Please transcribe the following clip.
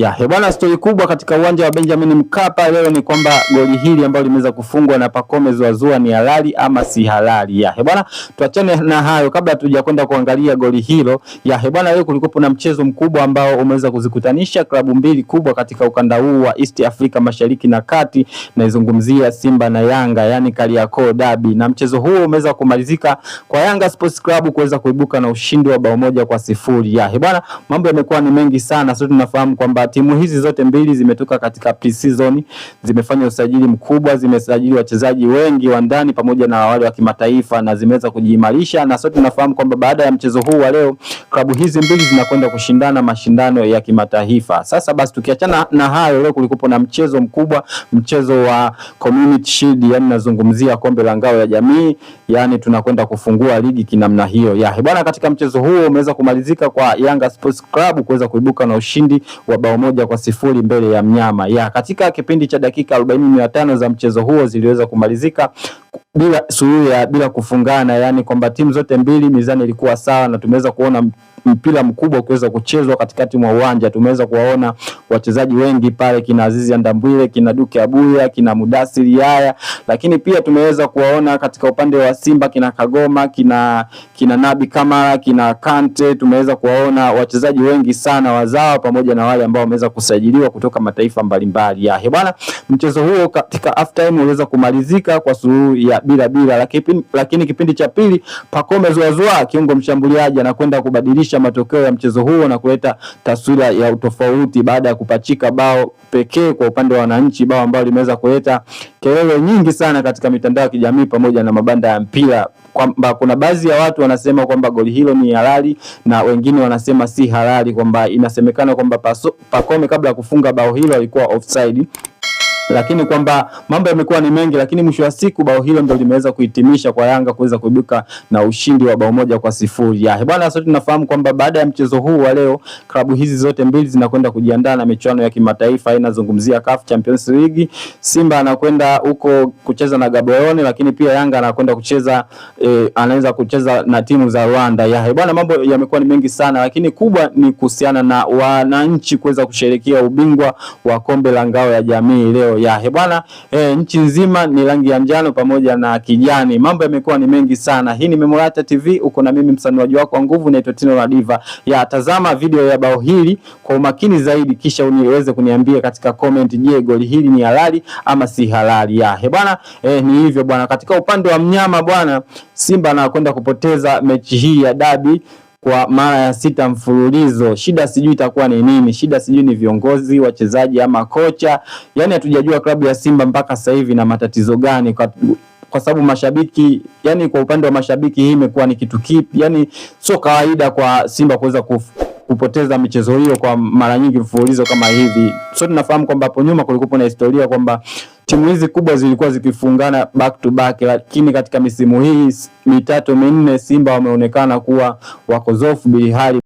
Ya, hebwana stori kubwa katika uwanja wa Benjamin Mkapa leo ni kwamba goli hili ambalo limeweza kufungwa na Pacome Zuazua ni halali ama si halali. Ya, hebwana tuachane na hayo kabla hatujakwenda kuangalia goli hilo. Ya, hebwana leo kulikuwa na mchezo mkubwa ambao umeweza kuzikutanisha klabu mbili kubwa katika ukanda huu wa East Africa Mashariki na Kati, naizungumzia Simba na Yanga, yani Kariakoo Derby. Na mchezo huo umeweza kumalizika kwa Yanga Sports Club kuweza kuibuka na ushindi wa bao moja kwa sifuri. Ya, hebwana mambo yamekuwa ni mengi sana. Sote tunafahamu kwamba timu hizi zote mbili zimetoka katika pre-season, zimefanya usajili mkubwa, zimesajili wachezaji wengi wa ndani pamoja na wale wa kimataifa na zimeweza kujiimarisha, na sote tunafahamu kwamba baada ya mchezo huu wa leo klabu hizi mbili zinakwenda kushindana mashindano ya kimataifa. Sasa basi, tukiachana na hayo, leo kulikuwa na mchezo mkubwa, mchezo wa Community Shield, yani nazungumzia kombe la ngao ya jamii, yani tunakwenda kufungua ligi kinamna hiyo ya bwana. Katika mchezo huo umeweza kumalizika kwa Yanga Sports Club kuweza kuibuka na ushindi wa bao moja kwa sifuri mbele ya mnyama ya katika kipindi cha dakika arobaini mia tano za mchezo huo ziliweza kumalizika bila suluhu ya bila kufungana, yani kwamba timu zote mbili mizani ilikuwa sawa, na tumeweza kuona mpira mkubwa ukiweza kuchezwa katikati mwa uwanja. Tumeweza kuwaona wachezaji wengi pale, kina Azizi Andambwile, kina Duke Abuya, kina Mudasiri Yaya, lakini pia tumeweza kuwaona katika upande wa Simba kina Kagoma, kina kina Nabi Kamara, kina Kante. Tumeweza kuwaona wachezaji wengi sana wazawa, pamoja na wale ambao wameweza kusajiliwa kutoka mataifa mbalimbali. Ya bwana, mchezo huo katika time uliweza kumalizika kwa suluhu ya bila bila, lakini, lakini kipindi cha pili Pacome zuazua kiungo mshambuliaji anakwenda kubadilisha matokeo ya mchezo huo na kuleta taswira ya utofauti baada ya kupachika bao pekee kwa upande wa wananchi, bao ambalo limeweza kuleta kelele nyingi sana katika mitandao ya kijamii pamoja na mabanda ya mpira kwamba kuna baadhi ya watu wanasema kwamba goli hilo ni halali na wengine wanasema si halali, kwamba inasemekana kwamba Pacome kabla ya kufunga bao hilo alikuwa offside lakini kwamba mambo yamekuwa ni mengi, lakini mwisho wa siku bao hilo ndio limeweza kuhitimisha kwa Yanga kuweza kuibuka na ushindi wa bao moja kwa sifuri. Ya bwana, sote tunafahamu kwamba baada ya mchezo huu wa leo klabu hizi zote mbili zinakwenda kujiandaa na michuano ya kimataifa, inazungumzia CAF Champions League. Simba anakwenda huko kucheza na Gaborone, lakini pia Yanga anakwenda kucheza eh, anaweza kucheza na timu za Rwanda. Ya bwana, mambo yamekuwa ni mengi sana, lakini kubwa ni kuhusiana na wananchi kuweza kusherehekea ubingwa wa kombe la ngao ya jamii leo ya bwana e, nchi nzima ni rangi ya njano pamoja na kijani. Mambo yamekuwa ni mengi sana. Hii ni Memorata TV, uko na mimi msanuaji wako wa nguvu, naitwa Tino la Diva. Ya tazama video ya bao hili kwa umakini zaidi, kisha uniweze kuniambia katika comment, je, goli hili ni halali ama si halali? ya bwana e, ni hivyo bwana. Katika upande wa mnyama bwana, Simba anakwenda kupoteza mechi hii ya dabi kwa mara ya sita mfululizo. Shida sijui itakuwa ni nini, shida sijui ni viongozi, wachezaji ama kocha. Yani hatujajua klabu ya Simba mpaka sasa hivi na matatizo gani kwa kwa sababu mashabiki yani, kwa upande wa mashabiki hii imekuwa ni kitu kipi? Yani sio kawaida kwa Simba kuweza kupoteza michezo hiyo kwa mara nyingi mfululizo kama hivi. so tunafahamu kwamba hapo nyuma kulikuwa na historia kwamba timu hizi kubwa zilikuwa zikifungana back to back, lakini katika misimu hii mitatu minne Simba wameonekana kuwa wakozofu bihali